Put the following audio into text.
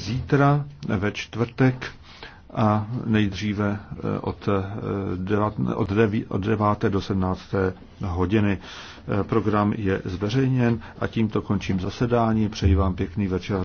zítra ve čtvrtek a nejdříve eh, od 9, eh, od 9, od 9 do 17. hodiny. Eh, program je zveřejněn a tímto končím zasedání. Přeji vám pěkný večer.